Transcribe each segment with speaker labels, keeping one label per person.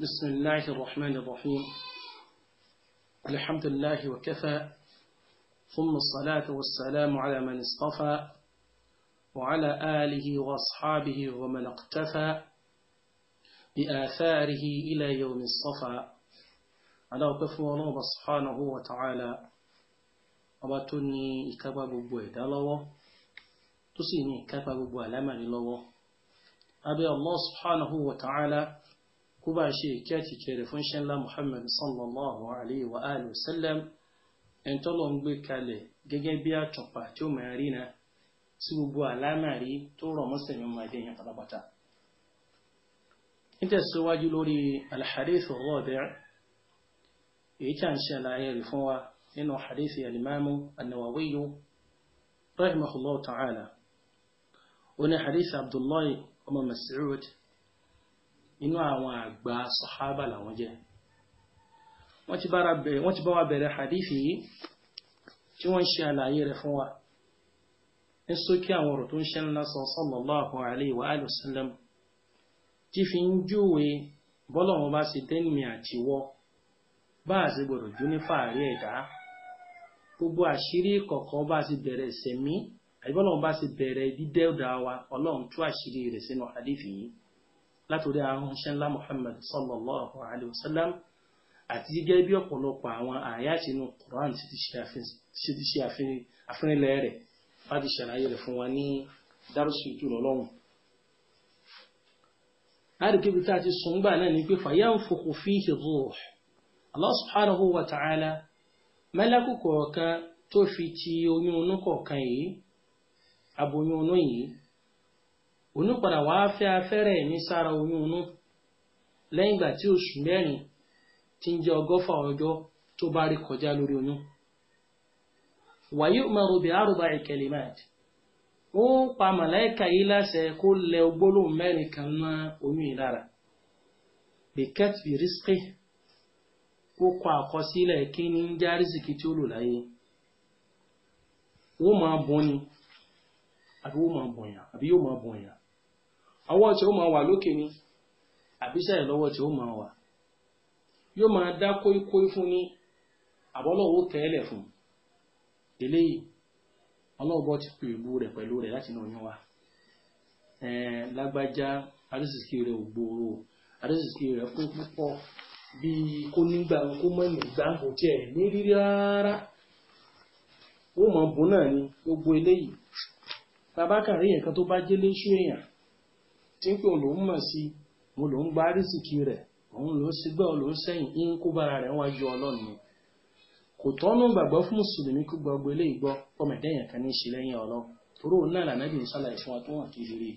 Speaker 1: بسم الله الرحمن الرحيم الحمد لله وكفى ثم الصلاة والسلام على من اصطفى وعلى آله وأصحابه ومن اقتفى بآثاره إلى يوم الصفى على وكفى الله سبحانه وتعالى أباتني كباب بويد الله تسيني كباب ببوالما لوه أبي الله سبحانه وتعالى kó bá ṣe kí a kìkẹ́ rẹ̀ fún ṣẹ́ńlá muhammad sallallahu alayhi wa alihi wa sallam ẹni tọ́lọ̀ ń gbé kalẹ̀ gẹ́gẹ́ bí àtọ̀pà tí ó máa rí na sí gbogbo àlámàrí tó rọ̀ mọ́sẹ̀ máa dé yẹn pátápátá. nítẹ̀síwájú lórí alhadith rabi' èyí tí a ń ṣàlàyé rẹ̀ fún wa nínú hadith alimamu annawawiyu rahimahullahu ta'ala. oní hadith abdullahi ọmọ mas'ud inú àwọn àgbà sàhábà làwọn jẹ́ wọ́n ti bá wa bẹ̀rẹ̀ hadith yìí tí wọ́n ń ṣe àlàyé rẹ̀ fún wa ní sókè àwọn ọ̀rọ̀ tó ń ṣe ńlá sọ sallallahu alaihi wa alihi wasallam tí fi ń júwe bọ́lọ̀ wọn bá ṣe dẹ́nìmí àtiwọ́ bá a ṣe gbọ́dọ̀ jú ní fàárí ẹ̀dá gbogbo àṣírí kọ̀ọ̀kan bá a ṣe bẹ̀rẹ̀ sẹ̀mí àbí látòrí àwọn ṣẹ́ńlá Muhammad sallallahu alayhi wa sallam àti gẹ́gẹ́ bí ọ̀pọ̀lọpọ̀ àwọn àyàtì inú Quran ti ti ṣe àfinilẹ̀ rẹ̀ láti ṣàlàyé rẹ̀ fún wa ní dárúsù ìjùlọ lọ́hùn. láti kébi tá a ti sùn gbà náà ni pé fayanfukhu fihi ruh Allah subhanahu wa ta'ala mẹ́lẹ́kù kọ̀ọ̀kan tó fi ti oyún onú kọ̀ọ̀kan yìí aboyún onú yìí onípadà wàá fẹ́ afẹ́rẹ́ ẹ̀mí sára oyún inú lẹ́yìn ìgbà tí oṣù mẹ́rin ti ń jẹ́ ọgọ́fà ọjọ́ tó bá rí kọjá lórí oyún. wàyí umaru bi arúgbà ìkẹlẹ́mẹ́t ó pa màláìka yìí láṣẹ kó lẹ gbólóhùn mẹ́rin kan ná oyún yìí lára. biket bi risqi ó kọ àkọsílẹ̀ kí ni ń já rìsìkì tí ó lò láyé. wọ́n máa bọ̀ ni àbí yóò máa bọ̀ àbí yóò máa bọ̀ ọwọ́ tí ó máa wà lókè ni àbíṣẹ́ ìlọ́wọ́ tí ó máa wà yóò máa dá kóíkóí fún ní àbọ́lọ́wọ́ tẹ́lẹ̀ fún eléyìí ọlọ́ọ̀bọ ti pè ìbú rẹ̀ pẹ̀lú rẹ̀ láti náà yán wa lágbájá rẹ̀ ò gbòòrò rẹ̀ kún púpọ̀ bíi kó nígbà kó kò tiẹ̀ ní rírí rárá ó mọ̀ náà bá èèyàn tí pé òun lòún mọ̀ sí òun lòún gba rísìkì rẹ̀ òun lòún sígbà òun lòún sẹ́yìn ń kó bára rẹ̀ wájú ọlọ́run ni kò tọ́nú gbàgbọ́ fún mùsùlùmí kó gbogbo ilé ìgbọ́ ọmọdéyàn kan ní í ṣe lẹ́yìn ọlọ́ toró náà lànàbì ṣàlàyé fún wa tó hàn kedere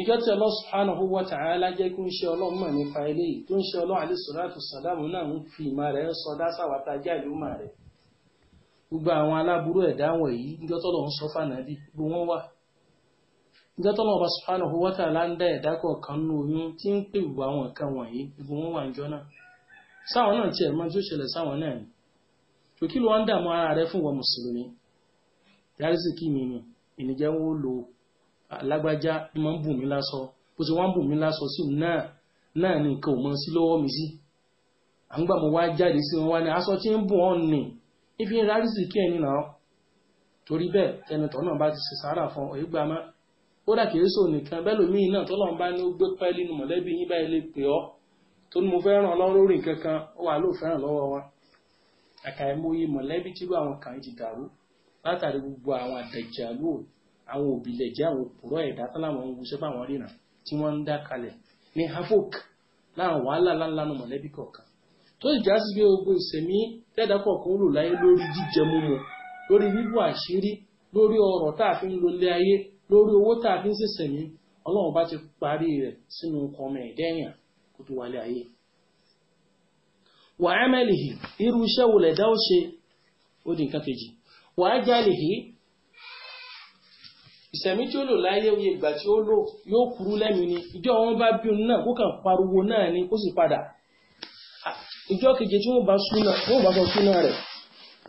Speaker 1: ìjọ tí Allah subhanahu wa ta'ala jẹ́ kí ń ṣe ọlọ́run mọ̀ nípa ilé yìí tó ń ṣe ọlọ́run alẹ́ sọ̀rọ̀tù sàdámù náà ń fi ìmọ̀ rẹ̀ sọ dásáwàtà jáde ó mà rẹ̀ gbogbo àwọn aláburú ẹ̀dá wọ̀nyí ìjọ tọ́lọ̀ ń sọ fànàbí gbogbo wọn wà níjọ́ tọ́lọ́ ọba subhanahu wa ta'ala ń dá ẹ̀dá kọ̀ọ̀kan nínú oyún tí ń pè wù àwọn nǹkan wọ̀nyí igun wọn wà níjọ́ náà sáwọn náà tiẹ̀ máa tó ṣẹlẹ̀ sáwọn náà ni kò kí ló wá ń dààmú ara rẹ fún ìwọ mùsùlùmí dárísì kí mi ni ìníjẹ́ ń wó lo alágbájá bí máa ń bù mí lásọ bó ti wá ń bù mí lásọ sí náà náà ni nǹkan ò mọ sí lọ́wọ́ mi sí à ń gbà mo wá jáde sí wọn wá ní aṣọ tí ń bù ọ́ nì ìfi rárísì kí ẹni náà torí bẹ́ẹ̀ ẹnitọ́ náà kódà kìí sọ nìkan bẹ́ẹ̀ lómi náà tọ́lọ́run bá ní ó gbé pẹ́ẹ́lí nu mọ̀lẹ́bí yín báyìí lè pè ọ́ tó ní mo fẹ́ ràn ó wà ló fẹ́ràn lọ́wọ́ wa àkàìmọye mọ̀lẹ́bí tí àwọn kan ti dàrú látàrí gbogbo àwọn àdẹ̀jàlú àwọn òbílẹ̀jẹ́ àwọn òpùrọ̀ ẹ̀dá tán láwọn ń wuṣẹ́ báwọn ríran tí wọ́n ń dá kalẹ̀ ní láwọn wàhálà lórí owó tá a fi ń ṣẹ̀ṣẹ̀ mí ọlọ́run bá ti parí rẹ̀ sínú kọmọ ẹ̀dẹ́yàn kó tó wálé ayé wà ẹ́mẹ́lìhì irú iṣẹ́ wo lẹ̀dá ó ṣe ó di nǹkan kejì jálìhì ìsẹ̀mí tí ó lò láyé oye ìgbà tí ó lò yóò kúrú lẹ́nu ni ìjọ wọn bá bí náà kó kàn náà ni ó sì padà ìjọ keje tí wọn bá súná wọn bá sọ rẹ̀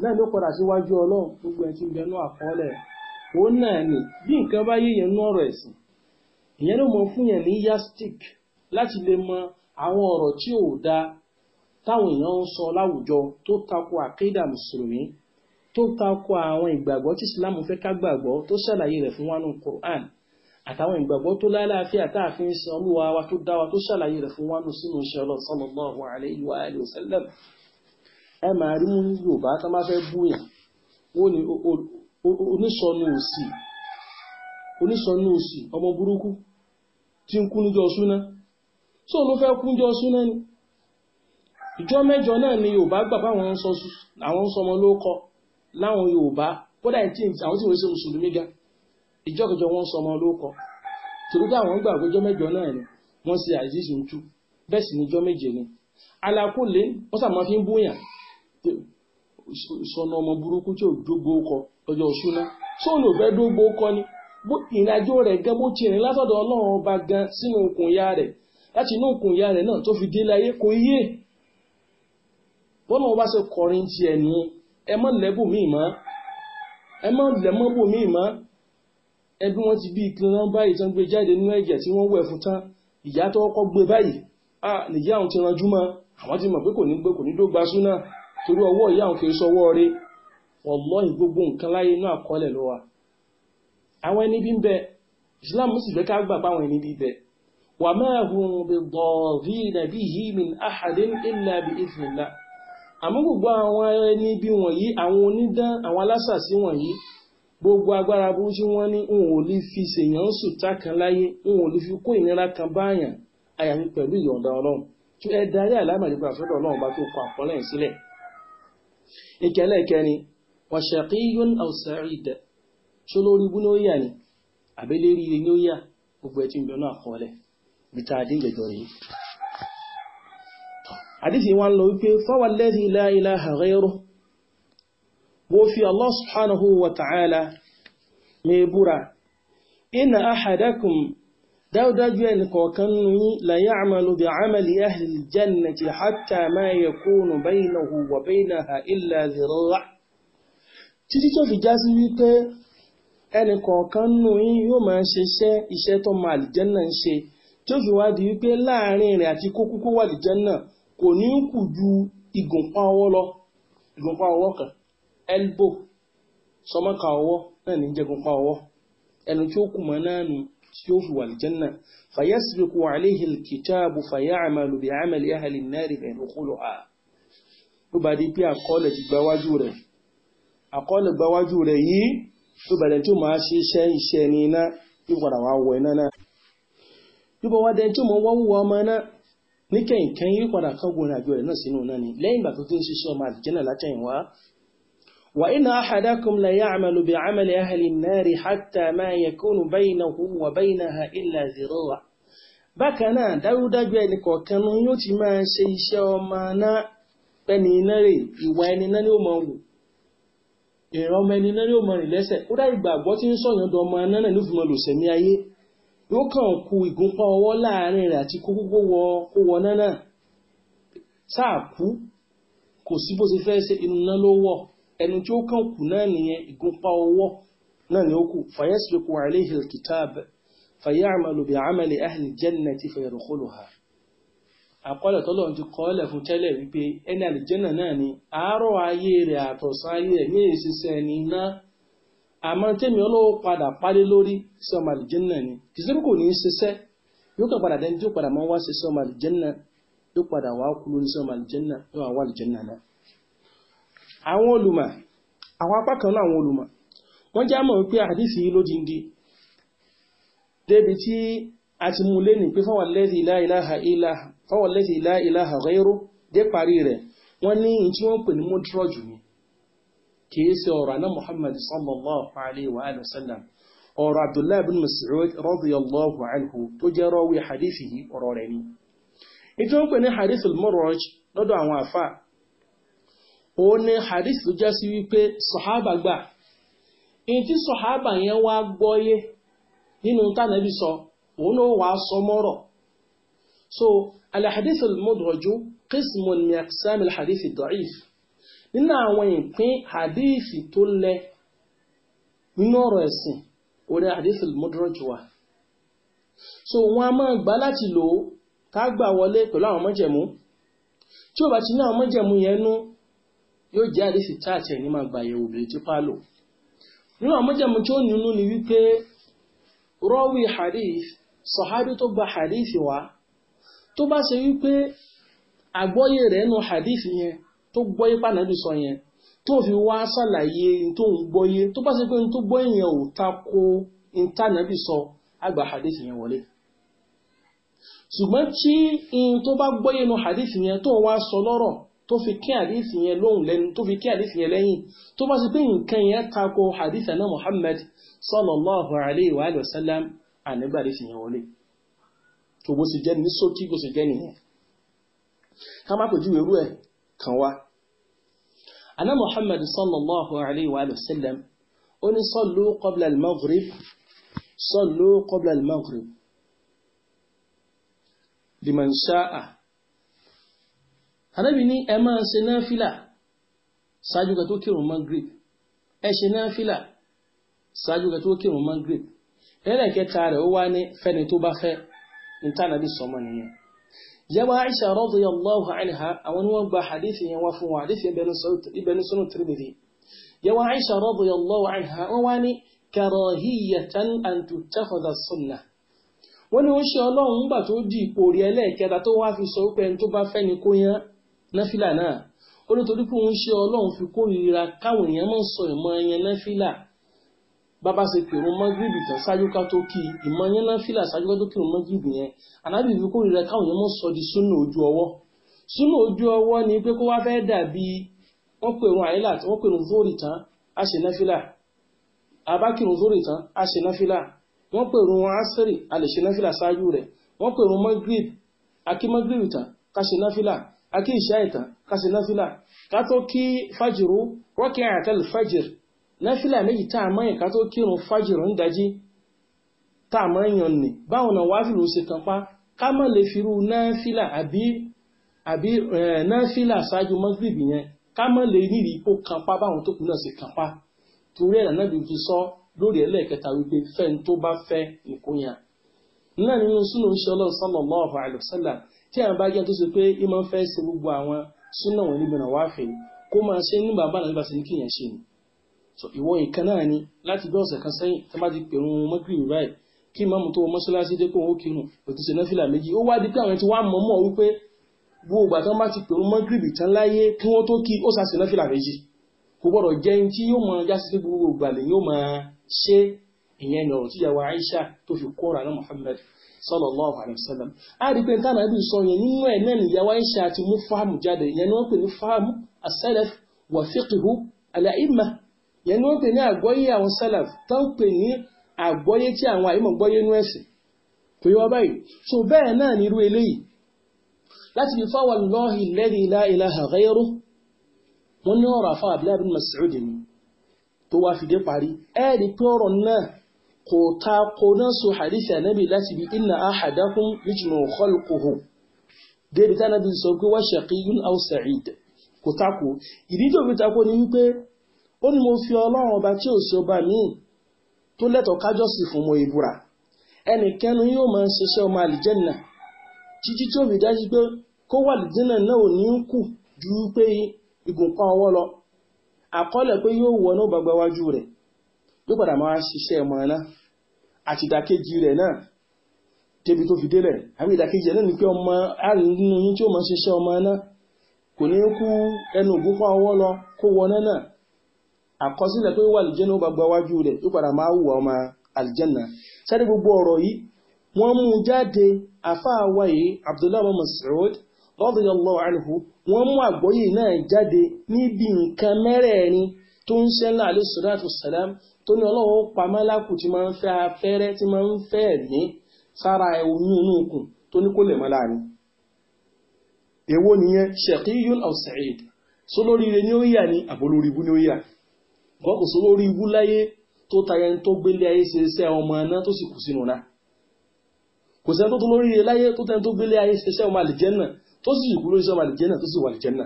Speaker 1: náà ló padà síwájú ọlọ́run gbogbo ẹ̀ òun náà ni bí nǹkan bá yéèyàn ní ọ̀rọ̀ ẹ̀sìn ìyẹn ló mọ fún yẹn ní yastic láti lè mọ àwọn ọ̀rọ̀ tí ò dáa táwọn èèyàn ń sọ láwùjọ tó tako àkéèdà mùsùlùmí tó tako àwọn ìgbàgbọ́ tí islam fẹ́ ká gbàgbọ́ tó ṣàlàyé rẹ̀ fún wa nù quran àtàwọn ìgbàgbọ́ tó lálàáfíà tá a fi ń san olúwa wa tó dá wa tó ṣàlàyé rẹ̀ fún wa nù sínú iṣẹ́ ọlọ́ sallallahu alayhi wa alihi wa sallam ẹ máa rí mú yorùbá tó máa fẹ́ búyàn wọ́n ní onísọnù òsì onísọnù òsì ọmọ burúkú tí ń kú níjọ súná tí òun fẹ́ kú níjọ súná ni ìjọ mẹ́jọ náà ni Yorùbá gbà báwọn ń sọ ọmọ ló kọ láwọn Yorùbá kódà tí àwọn tí wọ́n ṣe mùsùlùmí ga ìjọ kẹjọ wọn sọ ọmọ ló kọ torí pé àwọn gbà péjọ mẹ́jọ náà ni wọ́n ṣe àìsísùn tú bẹ́ẹ̀ sì ni ìjọ méje ni alákòlé wọ́n sàmọ́ fi ń bóyàn sọnà ọmọ burúkú tí ò dógbó kọ lọ́jọ́ ṣúná sóòlù ò fẹ́ dógbó kọ ni bó ìrìnàjò rẹ̀ gan bó ti rìn látọ̀dọ̀ ọlọ́run ọba gan sínú okùn ìyá rẹ̀ láti inú okùn ìyá rẹ̀ náà tó fi dé láyé kò yé bọ́lá wọn bá ṣe kọrin ti ẹ̀ nìyẹn ẹ mọ́ lẹ́bù míì mọ́ ẹ mọ́ lẹ́mọ́ bò míì mọ́ ẹbí wọn ti bí ìpín wọn báyìí tán gbé jáde nínú ẹ̀jẹ̀ tí wọ́n wẹ̀ fún tán ìyá tó kọ́ gbé báyìí nìyá àwọn ti ranjú mọ́ àwọn ti mọ̀ pé kò ní gbé kò ní dó gba súnà torí ọwọ́ ìyá òun kì í sọwọ́ rí wallahi gbogbo nǹkan láyé inú àkọọ́lẹ̀ ló wà àwọn ẹni bí ń bẹ Islam sì fẹ́ ká gbà báwọn ẹni bí bẹ wa ma hum biddarrina bihi min ahadin illa bi idhnillah àmọ́ gbogbo àwọn ẹni bí wọ̀nyí àwọn onídán àwọn alásàsí wọ̀nyí gbogbo agbára burú tí ní n ò lè fi ṣèyàn sùtá kan láyé n ò lè fi kó ìnira kan báyàn àyàfi pẹ̀lú ìyọ̀ǹda ọlọ́run tí ẹ darí àlámàdé pàṣẹ ọlọ́run bá tó kọ àkọọ́lẹ̀ sílẹ̀ ìkẹlẹ̀ kẹrin wa shaqiyyun aw sa'id ṣó lórí ibú ní ó yà ni àbẹ́lérí ilé ní ó yà gbogbo ẹtí ń bẹ náà kọ́lẹ̀ bí ta adé àdísì wọn lọ wípé fawalladhi dájúdájú ẹnì kọ̀ọ̀kan nínú yín la ya'malu bi 'amali ahli al-jannati hatta ma yakunu baynahu wa baynaha illa zira' títí tó fi já sí wípé ẹnì kọ̀ọ̀kan nínú yín yóò máa ṣiṣẹ́ iṣẹ́ tó máa àlìjẹ́nà ń ṣe tó fi wá di wípé láàrin rẹ̀ àti kókó kó wà àlìjẹ́nà kò ní kù ju ìgùnpá ọwọ́ kan elbow sọmọ́ka ọwọ́ náà ní jẹ́gùnpá ọwọ́ ẹnu tí kù mọ́ náà nù tí ó fi wà aljanna fayasbiqu alayhi alkitabu fayamalu bi amali ahli an-nari fa yadkhuluha ló bá di pé àkọọ́lẹ̀ ti gbáwájú rẹ̀ àkọọ́lẹ̀ gbáwájú rẹ̀ yìí tó bẹ̀rẹ̀ tó máa ṣe iṣẹ́ iṣẹ́ ní iná tó padà wá wọ iná náà tó bá wá dẹ tó mọ wá wúwa ọmọ náà ní kẹ̀yìnkẹ́yìn yóò padà kọ́gbọ́n àjọ rẹ̀ náà sínú náà ni lẹ́yìn ìgbà tó ti ń ṣiṣẹ́ ọmọ àlìjẹ́nà látẹ̀yìnwá وإن أحدكم لا يعمل بعمل أهل النار حتى ما يكون بينه وبينها إلا ذراع bákan náà dájúdájú ẹnì kọ̀ọ̀kan yóò ti máa ṣe iṣẹ́ ọmọ náà pẹ̀lú iná rè ìwà ẹni náà ni ó máa wù ìran ọmọ ẹni náà ni ó máa rìn lẹ́sẹ̀ ó dá ìgbàgbọ́ tí ń sọ̀yàn dọ ọmọ náà ló fi máa lò sẹ̀mí ayé yóò kàn ku ìgúnpá ọwọ́ láàrin rẹ̀ àti kókó kó wọ náà náà sáà kú kò sí bó ṣe fẹ́ ṣe inú náà ló wọ̀ ẹnu tí ó kàn kù náà nìyẹn ìgúnpá ọwọ́ náà ni ó kù fayasluku alayhi alkitab fayamalu bi amali ahli jannati fayadkhuluha àkọọ́lẹ̀ tọ́lọ́run ti kọ́ọ́lẹ̀ fún tẹ́lẹ̀ wípé ẹni àlìjẹ́nà náà ni àárọ̀ ayé rẹ̀ àtọ̀sán ayé rẹ̀ ní ìṣiṣẹ́ ẹni náà àmọ́ tẹ́mi ọlọ́wọ́ padà parí lórí sí ọmọ àlìjẹ́nà ni kìsìrì kò ní í ṣiṣẹ́ yóò kàn padà dẹni tí ó padà máa wá sí ọmọ àlìjẹ́nà yóò padà wá kú lórí sí ọmọ àlìjẹ́nà yóò wá wà àlìjẹ́nà náà àwọn olùmọ̀ àwọn apá kan náà àwọn olùmọ̀ wọ́n já mọ̀ wípé àdìsí yìí ló dìndí débi tí a ti mú lé ní pé fáwọn lẹ́sì ìlàìláha rẹ́rú dé parí rẹ̀ wọ́n ní in tí wọ́n pè ní mọ́dúrọ̀jù ni kìí ṣe ọ̀rọ̀ aná Muhammad sallallahu alaihi wa bin Mas'ud radiyallahu anhu tó jẹ́ hadithi yìí ọ̀rọ̀ rẹ̀ ni. in tí wọ́n pè òun ni hadith tó jẹ́ sí wípé sọ̀hábà gbà in tí sọ̀hábà yẹn wá gbọ́yé nínú tánàbí sọ òun ló wàá sọ mọ́rọ̀ so alhadith al-mudraju qismun min aqsam alhadith ad-da'if nínú àwọn ìpín hadith tó lẹ nínú ọ̀rọ̀ ẹ̀sìn orí hadith al-mudraj wa so wọn a máa gbà láti lò ó ká gbà wọlé pẹ̀lú àwọn mọ́jẹ̀mú tí ó bá ti ní àwọn mọ́jẹ̀mú yẹn nú yóò jẹ́ àdísì chaachi ẹ̀ ní máa gbà yẹ̀wò bèrè tí pálọ̀ nínú ni wípé rọ́wì hadith sọ̀hábí tó gba hadith wá tó bá ṣe wípé àgbọ́yé rẹ̀ nù hadith yẹn tó gbọ́yé sọ yẹn tó fi wá ṣàlàyé tó ń gbọ́yé tó bá ṣe pé tó gbọ́yé yẹn ò ìtànàbí sọ àgbà hadith yẹn wọlé ṣùgbọ́n tí in tó bá gbọ́yé nù hadith yẹn tó wá sọ lọ́rọ̀ tó fi kí àdísì yẹn lóhùn lẹ́nu tó fi kí àdísì yẹn lẹ́yìn tó bá sì pé nǹkan yẹn tako àdísì náà Muhammad sallallahu alayhi wa sallam ànígbà àdísì yẹn wọlé tó bó sì jẹ́ ní sókí kó sì jẹ́ nìyẹn ká má pèjú irú ẹ̀ kan wá ana Muhammad sallallahu alayhi wa sallam ó ní sallu qabla al-maghrib sallu qabla al-maghrib liman sha'a anábì ní ẹ máa ṣe náfìlà ṣáájú ká tó kírun Maghrib ẹ ṣe náfìlà ṣáájú ká tó kírun Maghrib ẹlẹ́kẹta rẹ̀ ó wá ní fẹ́ni tó bá fẹ́ ní tánàbí sọmọ nìyẹn yẹba Aisha radiyallahu anha àwọn wọn gba hadithi yẹn wá fún wa hadithi ibẹni sunu Tirmidhi yẹba Aisha radiyallahu anha wọn wá ní karahiyatan an tuttakhadha sunnah wọ́n ní ó ṣe ọlọ́run nígbà tó di ipò rí tó wá fi sọ pé ẹni tó bá fẹ́ ni kó yán náfìlà náà ó ní torí pé òun ṣe ọlọ́run fi kórìíra káwọn èèyàn máa ń sọ ìmọ̀ ẹyẹn náfìlà bàbá ṣe pè wọn mọ́gìrìbì tán ṣáájú ká tó kí ìmọ̀ ẹyẹn náfìlà ṣáájú ká tó kí wọn mọ́gìrìbì yẹn ànábì fi kórìíra káwọn èèyàn máa ń sọ di súnà ojú ọwọ́ súnà ojú ọwọ́ ni pé kó wá fẹ́ dàbí wọ́n pè wọn àyílà wọ́n pè wọn zórì tán á ṣe náfìlà abákìrún zórì tán á ṣe náfìlà wọ́n pè wọn asiri a lè ṣe náfìlà ṣáájú rẹ̀ wọ́n pè wọn mọ́gìrìbì akí mọ́gìrìbì tán ká ṣe náfìlà akí ìṣá ìtàn kásì náfílà ká tó kí fájìrú rọ́kì àtàlù fájìr náfílà méjì tá a mọ́yìn ká tó kírun fájìrú ń dají tá a mọ́yìn ni báwọn náà wáfìlú ṣe kan pa ká má lè firú náfílà àbí àbí náfílà ṣáájú mọ́gírìbì yẹn ká má lè nírí kó kan pa báwọn tó kù náà ṣe kan pa torí ẹ̀ náà fi sọ tí à ń bá jẹ́ tó ṣe pé ìmọ̀ fẹ́ ṣe gbogbo àwọn súnà wọn níbi náà wá fẹ́ kó máa ṣe nígbà bá náà nígbàsí ní kíyàn ṣe ni so ìwọ nǹkan náà ni láti bí ọ̀sẹ̀ kan sẹ́yìn tó bá ti pè wọn mọ́gìrì báyìí kí ìmọ̀ tó mọ́ṣáláṣí dé kó wọn ó kírun òtún ṣe náfìlà méjì ó wá di pé àwọn ti wá mọ̀ mọ̀ wípé gbogbo ìgbà tán bá ti pè wọn mọ́gìrì tán láyé kí wọ́n tó kí ó ṣàṣì náfìlà méjì kò gbọ́dọ̀ jẹ́ ní tí yóò mọ jásí pé gbogbo ìgbà lè yóò máa ṣe ìyẹn lọ̀rọ̀ tí yàwó Aisha tó fi kóra náà Muhammad sallallahu alayhi wa sallam a rí pé táwọn ẹbí sọ yẹn nínú ẹ̀ náà nìyàwó Aisha ti mú fáàmù jáde ìyẹn ni wọ́n pè ní fáàmù as-salaf wa fiqhu al-a'imma ìyẹn ni wọ́n pè ní àgbọ́yé àwọn salaf tó ń pè ní àgbọ́yé tí àwọn àyímọ̀ gbọ́yé nú ẹ̀sìn tó yọ báyìí so bẹ́ẹ̀ náà nírú eléyìí láti fi fáwọn lọ́hìn lẹ́rìí la ilaha wọ́n ní ọ̀rọ̀ àfáà Abdullah bin Mas'ud ni tó wá fìdí parí ẹ̀ẹ́dì pé ọ̀rọ̀ náà kò ta kò náà so hadithi ànábì láti bí inna ahadakum yujma khalquhu débi tá ànábì sọ pé wa shaqiyyun aw sa'id kò takò ìdí tó fi takò ni wípé ó ní mo fi ọlọ́run ọba tí ò sí ọba míì tó lẹ́tọ̀ọ́ kájọ́sì fún mo ìbúra ẹnikẹ́ni yóò máa ṣiṣẹ́ ọmọ àlìjẹ́nà títí tí fi dájú pé kó wà àlìjẹ́nà náà ò ní kù ju pé igun kan ọwọ́ lọ àkọọ́lẹ̀ pé yóò wọ gbàgbà wájú rẹ̀ yóò padà máa ṣiṣẹ́ ọmọ náà àti ìdàkejì rẹ̀ náà débi tó fi délẹ̀ àbí ìdàkejì rẹ̀ náà ni pé ọmọ àrùn yín tí ó máa ṣiṣẹ́ ọmọ náà kò ní kú ẹnu ògún fún ọwọ́ lọ kó wọná náà àkọsílẹ̀ pé wà àlìjẹ́nà ó bá gba wájú rẹ̀ yóò padà máa wùwà ọmọ àlìjẹ́nà sáré gbogbo ọ̀rọ̀ yìí wọ́n mú jáde àfáà yìí Abdullahi Mas'ud radiyallahu anhu wọ́n mú àgbọ́yé náà jáde níbi nǹkan mẹ́rẹ̀ẹ̀rin tó ń ṣẹlẹ̀ alayhi salatu wassalam tó ní ọlọ́run ó pa mọ́lákù tí máa ń fẹ́ afẹ́rẹ́ tí máa ń fẹ́ ẹ̀mí sára omi inú ikùn tó ní kó lè mọ́ láàrin èwo nìyẹn shaqiyun aw sa'id sólóríire ni ó yà ní àbólórí ibú ni ó yà wọ́n kò sólórí ibú láyé tó tayẹ tó gbélé ayé ṣe iṣẹ́ ọmọ iná tó sì kù sínú náà kò sẹ́ni tó tó lórí ilé láyé tó tẹ́ni tó gbélé ayé ṣe iṣẹ́ ọmọ àlìjẹ́nà tó sì kú lórí iṣẹ́ ọmọ àlìjẹ́nà tó sì wà àlìjẹ́nà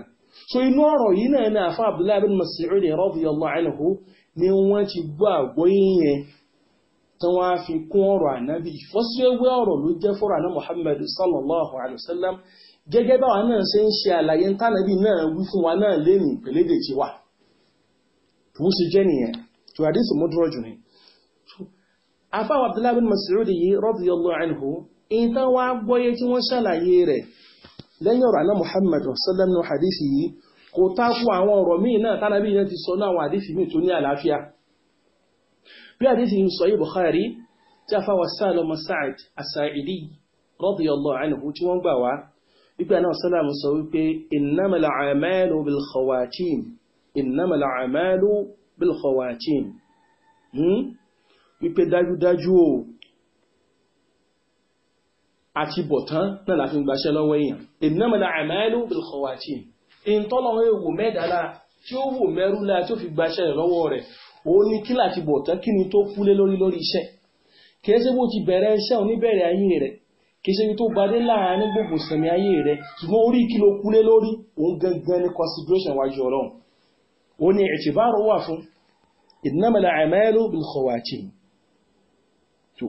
Speaker 1: so inú ọ̀rọ̀ yìí náà ní àfa Abdullahi bin Mas'ud radiyallahu anhu ni wọ́n ti gbọ́ àgbọ́yé yẹn tí wọ́n á fi kún ọ̀rọ̀ ànábì ìfọ́síwẹ́wẹ́ ọ̀rọ̀ ló jẹ́ fọ́rọ̀ àná Muhammad sallallahu alayhi wa sallam gẹ́gẹ́ báwa náà ṣe ń ṣe àlàyé tánàbí náà wí fún wa náà lẹ́nu ìpẹ̀lẹ́dẹ̀ tí wà tó sì jẹ́ nìyẹn tó àdísì mọ́dúrọ̀ jù ní afáwà Abdullahi bin Mas'ud yìí radiyallahu anhu in tán gbọ́yé tí wọ́n ṣàlàyé rẹ̀ lẹ́yìn ọ̀rọ̀ àná Muhammad sallallahu alayhi wa sallam kò tako àwọn ọ̀rọ̀ míì náà tánàbí náà ti sọ náà àwọn àdísì míì tó ní àlàáfíà bí àdísì ń sọ yìí Bukhari tí a fáwọn sáàlọ ọmọ Sa'id as-Sa'idi radiyallahu anhu tí wọ́n gbà wá wípé náà sálàmù sọ wípé innamal a'malu bil khawatim ìtọ́lọ́wọ́ èwò mẹ́dàlá tí ó wò mẹ́rú láà tí ó fi gbaṣẹ́ rẹ̀ lọ́wọ́ rẹ̀ òun ni kí láti bọ̀ tán kí ni tó kúlé lórí lórí iṣẹ́ kìí ṣe bó ti bẹ̀rẹ̀ iṣẹ́ oníbẹ̀rẹ̀ ayé rẹ̀ kìí ṣe tó gbadé láàárín gbogbo sẹ̀mí ayé rẹ̀ ṣùgbọ́n orí kí ló kúlé lórí òun gangan ni consideration wájú ọlọ́run ó ní ìtìbárò wà fún innamal a'malu bil khawatim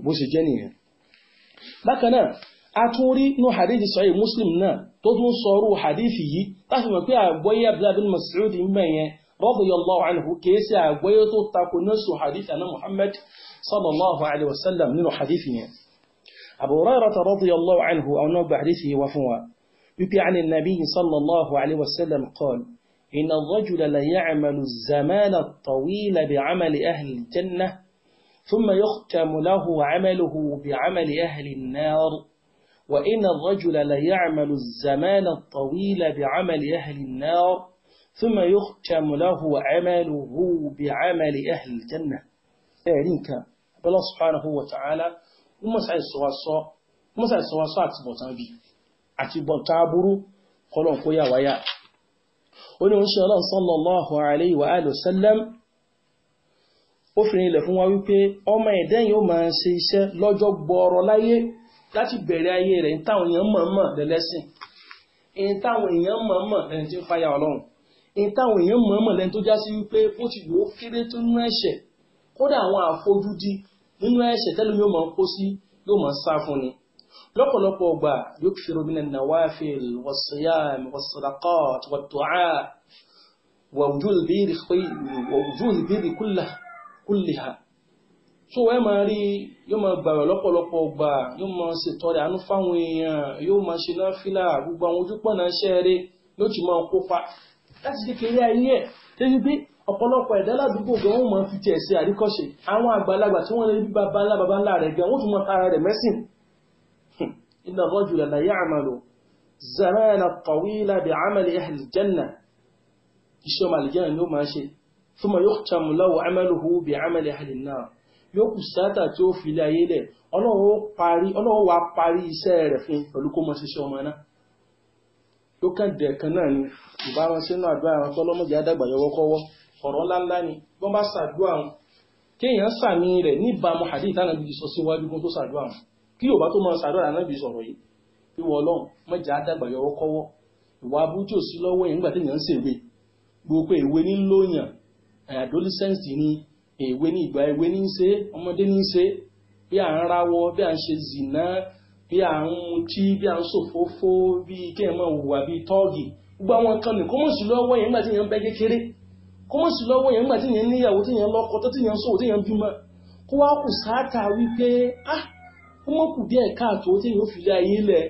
Speaker 1: bó ṣe jẹ́ nìyẹn bákan náà a tún rí nínú hadithi sahih muslim náà tó tún sọrú hadithi yìí láti mọ̀ pé àgbọ́yé abdullahi bin mas'ud ń bẹ̀ yẹn radiyallahu anhu kìí ṣe àgbọ́yé tó tako nọ́ọ̀sù hadithi anna muhammad sallallahu alaihi wasallam nínú hadithi yẹn abu hurairah radiyallahu anhu àwọn náà gba hadithi yìí wá fún wa wípé àni nabiyyi sallallahu alaihi wasallam qala إن الرجل ليعمل الزمان الطويل بعمل أهل الجنة ثم يختم له عمله بعمل أهل النار وإن الرجل ليعمل الزمان الطويل بعمل أهل النار ثم يختم له عمله بعمل أهل الجنة إعلنك بلا سبحانه وتعالى ومسعي السواسة ومسعي السواسة أتبوتا بي أتبوتا برو قلون قويا ويا ونو شاء الله صلى الله عليه وآله وسلم وفرني لفنوا ويبي أما يدين يوم أنسيسة لجو بورو لأيه láti bẹ̀rẹ̀ ayé rẹ̀ ní táwọn èèyàn mọ̀ọ́mọ̀ lẹ́lẹ́sìn ní táwọn èèyàn mọ̀ọ́mọ̀ lẹ́ni tí ń fáyà ọlọ́run ní táwọn èèyàn mọ̀ọ́mọ̀ lẹ́ni tó já sí wípé ó ti wò ó kéré tó nínú ẹ̀ṣẹ̀ kódà àwọn àfojúdi nínú ẹ̀ṣẹ̀ tẹ́lẹ̀ yóò máa kó sí yóò máa sá fún ni lọ́pọ̀lọpọ̀ ọgbà yóò fi robin and nawafil wasiyam wasadaqat so ẹ máa rí yóò máa gbàrọ̀ lọ́pọ̀lọpọ̀ gbà yóò máa ṣètọrẹ àánú fáwọn èèyàn yóò máa ṣe náfìlà gbogbo àwọn ojúpọ̀nà iṣẹ́ rẹ yóò ti máa kópa láti kékeré ayé ẹ̀ tẹ́lẹ̀ pé ọ̀pọ̀lọpọ̀ ẹ̀dá ládùúgbò gan wọ́n máa fi tiẹ̀ ṣe àríkọ́ṣe àwọn àgbàlagbà tí wọ́n lè bí baba ńlá baba ńlá rẹ̀ gan wọ́n tún máa tara rẹ̀ mẹ́sìn inna rajula la ya'malu zamana yóò kù sátà tí ó fi ilé ayé lẹ̀ ọlọ́run wa parí iṣẹ́ rẹ̀ fún pẹ̀lú kó mọ ṣiṣẹ́ ọmọ náà ló kàn dẹ̀ kan náà ni ìbára sínú àdúrà àwọn tọ́lọ́mọdé àdàgbà yọwọ́kọ́wọ́ ọ̀rọ̀ ńláńlá ni wọ́n bá ṣàdúrà wọn kéèyàn sàmì rẹ̀ níbàámu sọ síwájú kó tó ṣàdúrà wọn kí yóò tó máa ṣàdúrà ànábì sọ̀rọ̀ yìí ìwọ ọlọ́run èwe ní ìgbà èwe ní í ṣe ọmọdé ní í ṣe bí à ń rawọ bí à ń ṣe zìnà bí à ń mutí bí à ń ṣòfófó bí kéèyàn máa hùwà bí tọ́ọ̀gì gbogbo àwọn kan ní kó mọ̀ sí lọ́wọ́ yẹn nígbà tí yẹn ń bẹ kékeré kó mọ̀ sí lọ́wọ́ yẹn nígbà tí yẹn níyàwó tí yẹn lọ́kọ tó tí yẹn sòwò tí yẹn bímọ kó wá kù sáàtà wípé ah ó mọ̀ kù díẹ̀ káàtó tí yẹn ó fi lé ayé lẹ̀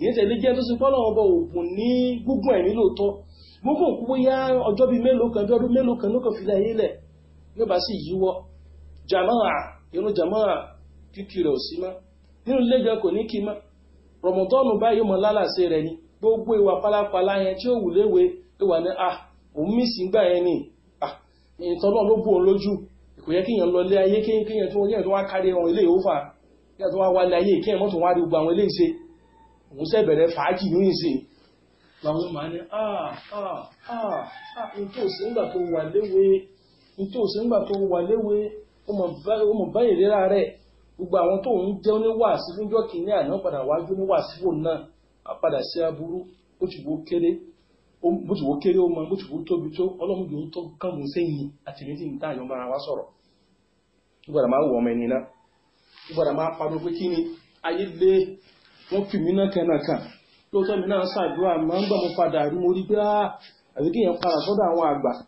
Speaker 1: ìyẹn tẹ̀lé jẹ́ tó ti pọ́ lọ́wọ́ bọ̀ òògùn ní gbogbo yóò bá sì yíwọ́ jamaa irun jamaa kíkì rẹ̀ ò sí nínú ilé kò ní kí mọ́ rọ̀mọ̀tọ́nù báyìí mọ̀ lálàsẹ̀ rẹ̀ ni gbogbo ìwà pálapàla yẹn tí ó wù léwe ìwà ní à òun mí yẹn ni à ìtọ́ náà ló bù òun lójú kò yẹ kíyàn lọ lé ayé kíyàn tó yẹ tó wá kárí ẹran ilé ìhófà yẹ tó wá wá lé ayé kíyàn mọ́tò wá rí gbogbo àwọn ilé ìṣe òun sẹ́ bẹ̀rẹ̀ fàájì ní ìsìn làwọn máa ní à à à à nítòsí nígbà tó wà nítorí òsínbà tó wà léwe ó mọ̀ bá ìrírá rẹ̀ gbogbo àwọn tó ń jẹ́ oníwàásí lójọ́ kìíní àná padà wájú oníwàásí wò náà àpadà sí aburú bó ti wò kéré ó mọ bó ti wò tóbi tó ọlọ́run yóò tó kángun sẹ́yìn àti ní ti ń wá sọ̀rọ̀ gbọ́dọ̀ máa wọ̀ ọmọ ẹni náà gbọ́dọ̀ máa pé kí ni ayé lé wọ́n fi mí náà lóòótọ́ mi náà ṣàdúrà máa ń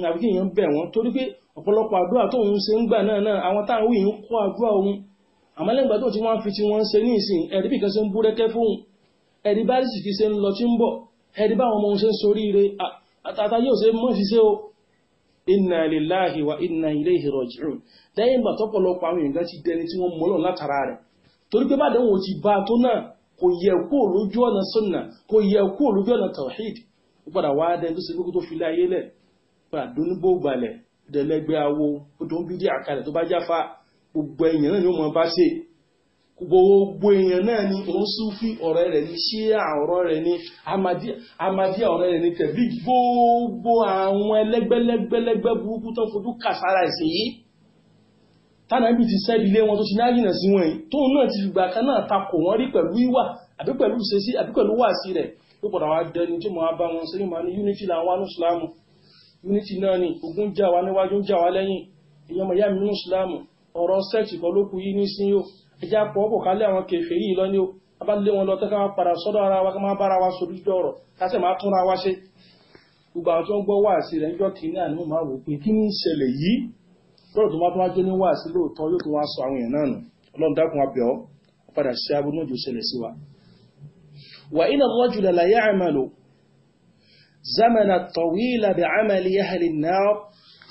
Speaker 1: ní àbíkí èèyàn bẹ̀ wọ́n torí pé ọ̀pọ̀lọpọ̀ àdúrà tó ń ṣe ń gbà náà náà àwọn táwọn wíyìn ń kọ́ àdúrà òun àmọ́ lẹ́gbàá tó ti wọ́n fi ti wọ́n ṣe ní ìsìn ẹ̀rí bì kan ṣe ń búrẹ́kẹ́ fóun ẹ̀rí bá sì fi ṣe ń lọ tí ń bọ̀ ẹ̀rí bá àwọn ọmọ òun ṣe ń soríire àtàtà yóò ṣe mọ́ fi ṣe o inna lillahi wa inna ilayhi raji'un lẹ́yìn ìgbà tọ́pọ̀lọpọ̀ àwọn èèyàn ti dẹni tí wọ́n mọ́lọ̀ látara rẹ̀ torí pé bàdé wọn ti bá a tó náà kò yẹ kó lójú ọ̀nà sunna kò yẹ kó lójú ọ̀nà tawhid ó padà wá dẹni tó ṣe kókó tó fi láyé lẹ̀ àdóníbògbàlẹ̀ dẹ̀lẹ́gbẹ́ awo tó ń bídí àkàlẹ̀ tó bá jáfa gbogbo èèyàn náà ni ó mọ bá ṣe gbogbo èèyàn náà ni òun súnfí ọ̀rẹ́ rẹ̀ ní ṣíà ọ̀rọ̀ rẹ̀ ní amadíà ọ̀rẹ́ rẹ̀ ní tẹ̀bí gbogbo àwọn ẹlẹ́gbẹ́lẹ́gbẹ́lẹ́gbẹ́ burúkú tó fojú kàsára ẹ̀sìn yìí tánàbí ti sẹ́bi lé wọn tó ti náyìnà sí wọn yìí tóun náà ti fìgbà kan náà takò wọn rí pẹ̀lú ìwà àbí pẹ̀lú ìṣesí àbí pẹ̀lú wàásí rẹ̀ ló padà wá dẹni tí mo bá wọn sẹ́yìn máa ní unity làwọn anúṣùlámù unity náà ni ogun jà wá níwájú jà wá lẹ́yìn èèyàn ọmọ ìyá mi nínú ìsìláàmù ọ̀rọ̀ sẹ́ẹ̀tì kan ló kù yìí ní sí yóò ẹjẹ́ àpò ọ̀pọ̀ kálẹ̀ àwọn kẹfẹ́ yìí lọ ní o abálé wọn lọ tẹ́ka wá padà sọ́dọ̀ ara wa ká máa bára wa sọ̀rọ̀ ìjọ ọ̀rọ̀ ká sì máa túnra wa ṣe gbogbo àwọn tó ń gbọ́ wáàsí rẹ̀ níjọ́ kìíní àná máa wò pé kí ní ìṣẹ̀lẹ̀ yìí lọ́rọ̀ tó máa tó wá jó ní wáàsí lóòótọ́ yóò tó wá sọ àwọn èèyàn náà nù ọlọ́run dákun abẹ́ ọ padà ṣe abúlé òjò ṣẹlẹ̀ sí wa. wà iná lọ́jù زمنا طويلا بعمل أهل النار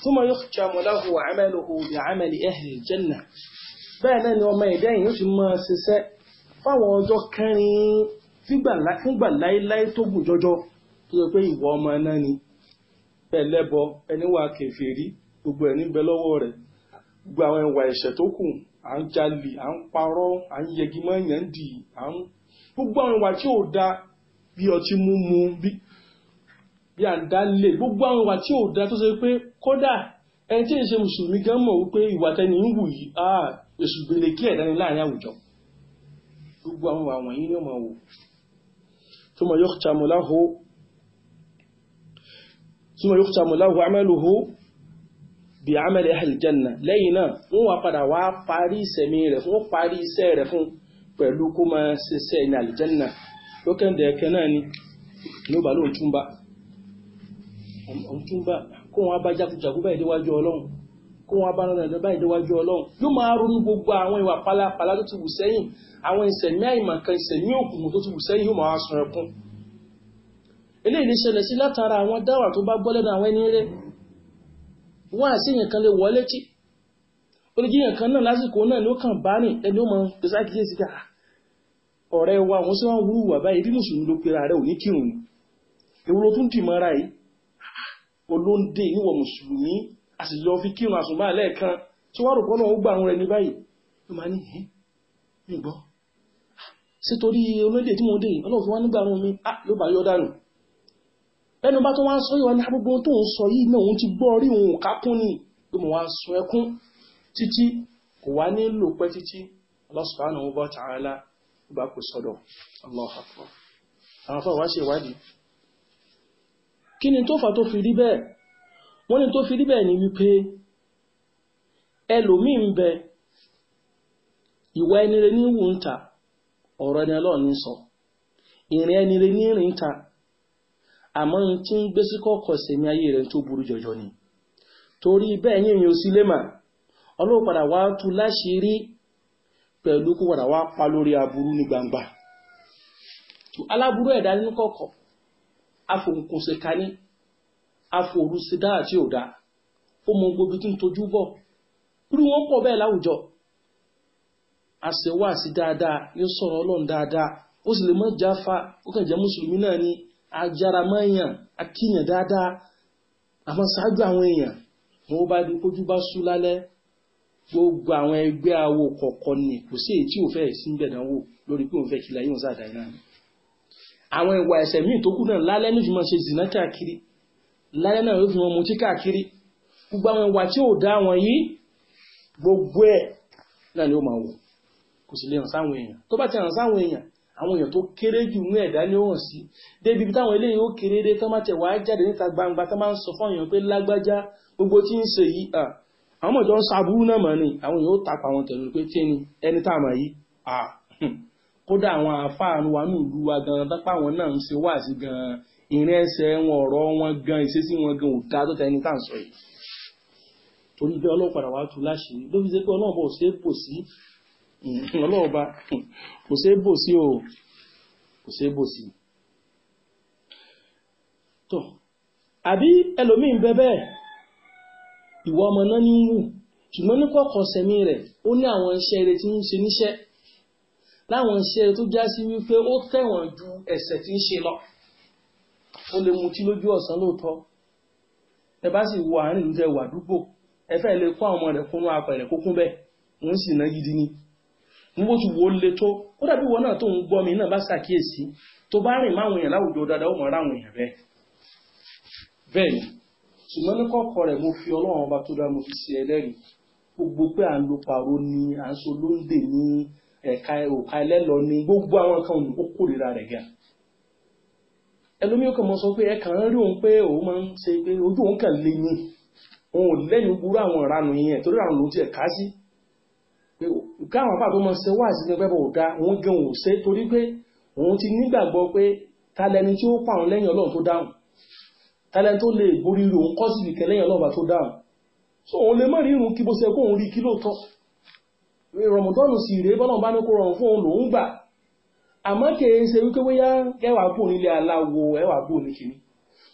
Speaker 1: ثم يختم له عمله بعمل أهل الجنة بأن يوم يدين يسمى سيساء فهو كريم fígbà láíláí tó gùn jọjọ tó sọ pé ìwọ ọmọ náà ni pẹlẹbọ ẹniwà kẹfìrí gbogbo ẹni bẹ lọ́wọ́ rẹ̀ gbogbo àwọn ìwà ẹ̀ṣẹ̀ tó kù à ń jalè à ń parọ́ à ń yẹgi mọ́ èèyàn dì à ń gbogbo àwọn ìwà tí ò da bí ọtí mímu bí bí à ń dá lè gbogbo àwọn ìwà tí ò da tó ṣe pé kódà ẹni tí ì ṣe mùsùlùmí gan mọ̀ wípé ìwà tẹni ń wù yìí á èṣù gbélé kí ẹ̀dá ni láàrin àwùjọ gbogbo àwọn ìwà wọ̀nyí ni ó máa wò tó mọ̀ yóò ṣàmù láhù tó mọ̀ yóò ṣàmù láhù amẹ́lùhù bí amẹ́lẹ̀ àlìjẹ́nà lẹ́yìn náà wọ́n wá padà wá parí ìsẹ̀mí rẹ̀ fún parí iṣẹ́ rẹ̀ fún pẹ̀lú kó máa ṣiṣẹ́ ní àlìjẹ́nà lókèǹdẹ̀ẹ́kẹ́ náà ni ló bá lóun túmbá òun túbà kó wọn bá jákujàkú báyìí déwájú ọlọ́run kó wọn bá rọrùn ẹ̀dọ́ báyìí déwájú ọlọ́run yóò máa ronú gbogbo àwọn ìwà pálapàla tó ti wù sẹ́yìn àwọn ìsẹ̀mí àìmọ̀kan ìsẹ̀mí òkùnkùn tó ti wù sẹ́yìn yóò máa sun ẹkún eléyìí lè ṣẹlẹ̀ sí látara àwọn dáwà tó bá gbọ́ lẹ́nu àwọn ẹni rẹ̀ wọ́n àti èèyàn kan lè wọ́ létí oníjìyàn kan náà lásìkò náà ló kàn bá ní ẹni ó mọ gbèsàkìyè sí ah, ọ̀rẹ́ wa àwọn sí wọn wúrú báyìí bí mùsùlùmí ló pera rẹ̀ ò kírun ni èwo ló tún dì mọ́ra yìí olóńdè níwọ̀ mùsùlùmí a sì lọ fi kírun àsùnbà lẹ́ẹ̀kan tí wọ́n rò pọ́nà ó gbà àwọn rẹ̀ ní báyìí ló máa ní ẹ̀ mi gbọ́ sí ah, torí olóńdè tí mo dé yìí ọlọ́run fi wọ́n nígbà àwọn mi á ah, ló bá yọ dànù ẹnu bá tó wá ń sọ yìí wọn ní agbègbè ah, tó ń sọ yìí náà òun ti gbọ́ rí òun kákún ni pé mo wá sun ẹkún títí kò wá nílò pẹ́ títí Allah subhanahu wa ta'ala bá kò sọ̀dọ̀ Allah akbar àwọn afọ wa ṣe ìwádìí kí ni tó fà tó fi rí bẹ́ẹ̀ wọ́n ní tó fi rí bẹ́ẹ̀ ni wípé ẹlòmíì bẹ ìwà ẹnire ní wù ń ta ọ̀rọ̀ ẹni ọlọ́ọ̀ ní sọ ìrìn ẹnire ní rìn ta àmọ́ n tí ń gbé sí kọ́kọ́ ayé tó burú jọjọ ni torí bẹ́ẹ̀ yín yín ò sí lè mà ọlọ́run padà wá tú láṣìírí pẹ̀lú kó padà wá pa lórí aburú gbangba aláburú ẹ̀dá nínú afòǹkùnṣe kaní afòrùsídá àti òdá ó mọ gbogbo tí ń tojú bọ̀ irú wọn pọ̀ bẹ́ẹ̀ láwùjọ àṣewà sí dáadáa yóò sọ̀rọ̀ ọlọ́run dáadáa ó sì lè mọ́ jáfa ó kàn jẹ́ mùsùlùmí náà ni ajára mọ́yàn akíyàn dáadáa àmọ́ ṣáájú àwọn èèyàn wọn bá di kójú bá sú lálẹ́ gbogbo àwọn ẹgbẹ́ awo kọ̀ọ̀kan ni kò sí èyí tí ò fẹ́ sí ń bẹ̀dánwò lórí pé òun fẹ́ kí láyé òun sáà dáná ni. àwọn ìwà ẹ̀ṣẹ̀ míì tó kù náà lálẹ́ ní ìfimọ̀ ṣe zìnà káàkiri lálẹ́ náà ló fi wọn mutí káàkiri gbogbo àwọn ìwà tí ò gbogbo ẹ̀ náà ni ó máa wọ kò sì lè hàn sáwọn èèyàn tó bá ti hàn sáwọn èèyàn àwọn èèyàn tó kéré jù ní ẹ̀dá ni ó hàn sí débi bí táwọn eléyìí ó kéré dé máa tẹ̀ gbangba máa ń sọ pé lágbájá gbogbo tí ń ṣe yìí à àwọn ọmọ ń sa ni àwọn èèyàn ó tẹ̀lé pé tí ẹni tá a mọ̀ yìí à kódà àwọn àfáàánú wa nílùú wa gan tápá wọn náà ń ṣe wá sí gan ìrìn ẹsẹ̀ wọn ọ̀rọ̀ wọn gan ìṣesí wọn gan ò dáa tó tẹni tá à ń sọ yìí torí bí ọlọ́run padà wá tú láṣìírí ló fi ṣe pé ọlọ́run bò ṣe é bò sí ọlọ́run kò ṣe é bò sí o kò ṣe é bò sí. tó àbí ẹlòmíín bẹ bẹ́ẹ̀ ọmọ náà ní wù ṣùgbọ́n ní kọ̀ọ̀kan sẹ́mi rẹ̀ ó ní àwọn iṣẹ́ rẹ̀ tí ń ṣe níṣẹ́ láwọn iṣẹ́ tó já sí wípé ó tẹ̀wọ̀n ju ẹ̀ṣẹ̀ tí ń ṣe lọ ó lè mutí lójú ọ̀sán lóòótọ́ ẹ bá sì wo àárín ìlú tẹ wà àdúgbò ẹ fẹ́ lè kó àwọn ọmọ rẹ̀ kúnú apẹ̀rẹ̀ kókún bẹ́ẹ̀ wọ́n sì ná gidi ni mú bó ti wo le tó ó dàbí wọn náà tó ń gbọ́ mi náà bá ṣàkíyèsí tó bá rìn máwọn èèyàn láwùjọ dáadáa ó mọ̀ ráwọn èèyàn bẹ́ẹ̀ bẹ́ẹ̀ ni ṣùgbọ́n ní kọ́kọ́ rẹ̀ mo fi ọlọ́run ọba tó dá mo fi ṣe ẹlẹ́rìí gbogbo pé à ń lo pàrọ̀ ni à ń so lóńdè ní ẹ̀ka òka ẹlẹ́lọ ni gbogbo àwọn nǹkan òun ó kórìíra rẹ̀ ga ẹlòmíì ó kàn mọ sọ pé ẹ kàn ń rí òun pé òun máa ń ṣe pé ojú òun kàn lé ní òun ò lẹ́yìn burú àwọn ìranù yẹn torí àwọn lòun ti ẹ̀ ká sí pé káwọn bàbá tó máa ṣe wá àṣìṣe pẹ́ bọ̀ dá òun gan òun ṣe torí pé òun ti nígbàgbọ́ pé ta lẹni tí ó pa òun lẹ́yìn ọlọ́run tó dáhùn ta lẹni tó lè borí òun kọ́ sí ìkẹ́ lẹ́yìn ọlọ́run tó dáhùn so òun lè má rí irun kí bó ṣe kó òun rí kí lóòótọ́ rọmọdọ́nù si rèé bọ́lọ̀n bá ní kó rọrùn fún òun ese gbà àmọ́ kèé ṣe ala wo ẹwà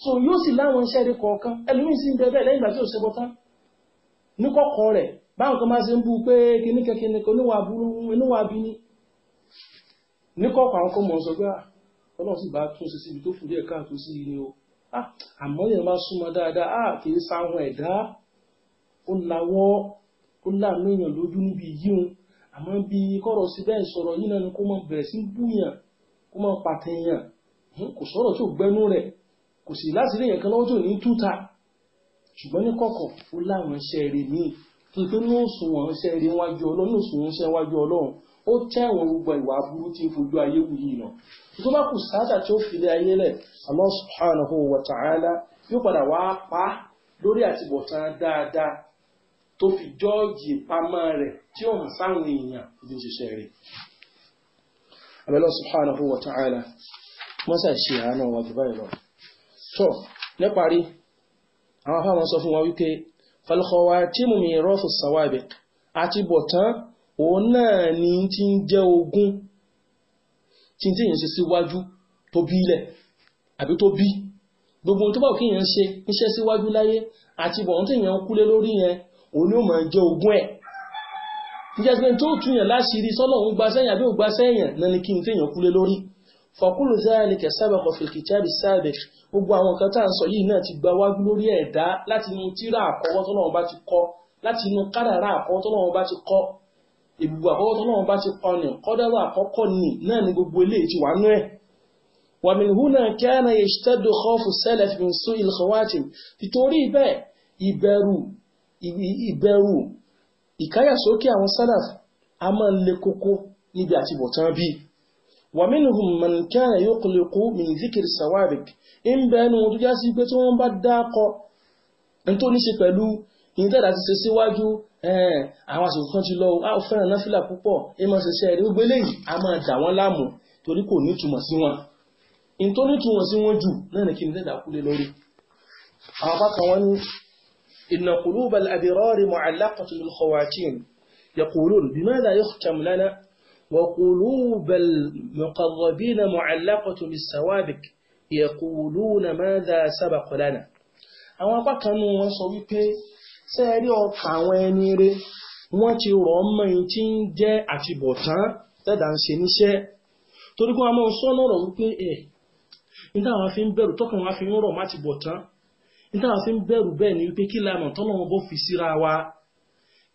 Speaker 1: so yóò si láwọn iṣẹ́ rí kọ̀ọ̀kan ẹlòmíì sì ń bẹ bẹ́ẹ̀ lẹ́yìn n'ikọkọ tí ò ma se ní kọ́kọ́ rẹ̀ báwọn àwọn sọ pé ah, sì bá tún tó sí o ah, àmọ́ yẹn máa súnmọ́ dáadáa ah, kì í sáwọn ó ó láàánú èèyàn lójú níbi yíyún àmọ́ bí kọ́rọ̀ sí bẹ́ẹ̀ sọ̀rọ̀ yìí náà ni kó máa bẹ̀rẹ̀ sí búyàn kó máa pàtẹ́yàn hmm, kò sọ̀rọ̀ tí ò gbẹ́nu rẹ̀ kò sì láti rí èèyàn kan lọ́wọ́ tí ò ní túta ṣùgbọ́n ní kọ̀kọ̀ ó láwọn iṣẹ́ rẹ̀ míì tó tó ní òṣùwọ̀n iṣẹ́ rẹ̀ wájú ọlọ́run ní òṣùwọ̀n iṣẹ́ wájú ọlọ́run ó tẹ̀wọ̀n gbogbo ìwà aburú tí ń fojú ayé wù yìí nà tó bá kù sáàtà tí ó fi lé ayé lẹ̀ Allah subhanahu wa ta'ala yóò padà wá pa lórí àtibọ̀tán dáadáa tó fi jọ́ọ̀jì ìpamọ́ rẹ̀ tí ó hàn sáwọn èèyàn ibi ṣiṣẹ́ rẹ̀. abẹ́lọ́ subhanahu wa ta'ala wọ́n sà ṣe àánú wa jù báyìí lọ. tó níparí àwọn afáwọn sọ fún wa wípé falkọwa tí mo mi rọ́fù sàwábẹ̀ àti bọ̀tán òun náà ni ti ń tí tí ṣe síwájú tó bí ilẹ̀ àbí tó bí gbogbo tó bá òkè èèyàn ṣe iṣẹ́ síwájú láyé àti bọ̀tán tí èèyàn kúlé lórí yẹn òun yóò máa jẹ́ ogún ẹ̀ níjẹ́sìn tó túyàn láṣìírí sọ́lọ̀ ń gba sẹ́yìn àbí ò gba sẹ́yìn náà ni kí n téèyàn kúlé lórí fọkúlù záàlìkẹ̀ sábàkọ̀ fìlkìtàbí sábẹ̀k gbogbo àwọn kan tá à ń sọ yìí náà ti gba wájú lórí ẹ̀dá ni kọ́dàrá àkọ́kọ́ ni náà ni gbogbo eléyìí ti wà nú ẹ̀ wàmìn húnà kẹ́ẹ̀nà yẹ̀ṣtẹ́dù kọ́fù sẹ́lẹ̀fì ń sún ìlkọ̀wátìm tìtorí bẹ́ẹ̀ ìbẹ̀rù ìbẹ̀rù ìkáyàsókè àwọn sálàf a máa ń le kókó níbi àti bọ̀tán bíi wàmínúhùn mọ̀nkẹ́rẹ̀ yóò kò lè kó min zikir sawabik in bẹnu tó já sí pé tí wọ́n bá dákọ n tó ní ṣe pẹ̀lú ìdádá ti ṣe síwájú àwọn àsìkò kan ti lọ a ò fẹ́ràn náfìlà púpọ̀ àwọn bákan wọn ní إن قلوب الأبرار معلقة بالخواتين يقولون بماذا يختم لنا وقلوب المقربين معلقة بالسوابك يقولون ماذا سبق لنا àwọn apá kan nínú wọn sọ wípé sẹ́ẹ̀rí ọkàn àwọn ẹni rẹ wọ́n ti rọ̀ ọmọ yìí tí ń jẹ́ àtibọ̀tán tẹ́dà ń ṣe níṣẹ́ torí pé wọn máa sọ́nà ọ̀rọ̀ wípé ẹ̀ nígbà wọn fi ń bẹ̀rù tọkàn wọn fi ń rọ̀ má bọ̀tán nítorí fi ń bẹ̀rù bẹ́ẹ̀ ni wípé kí lànà tọ́lọ́wọ́n bó fi síra wa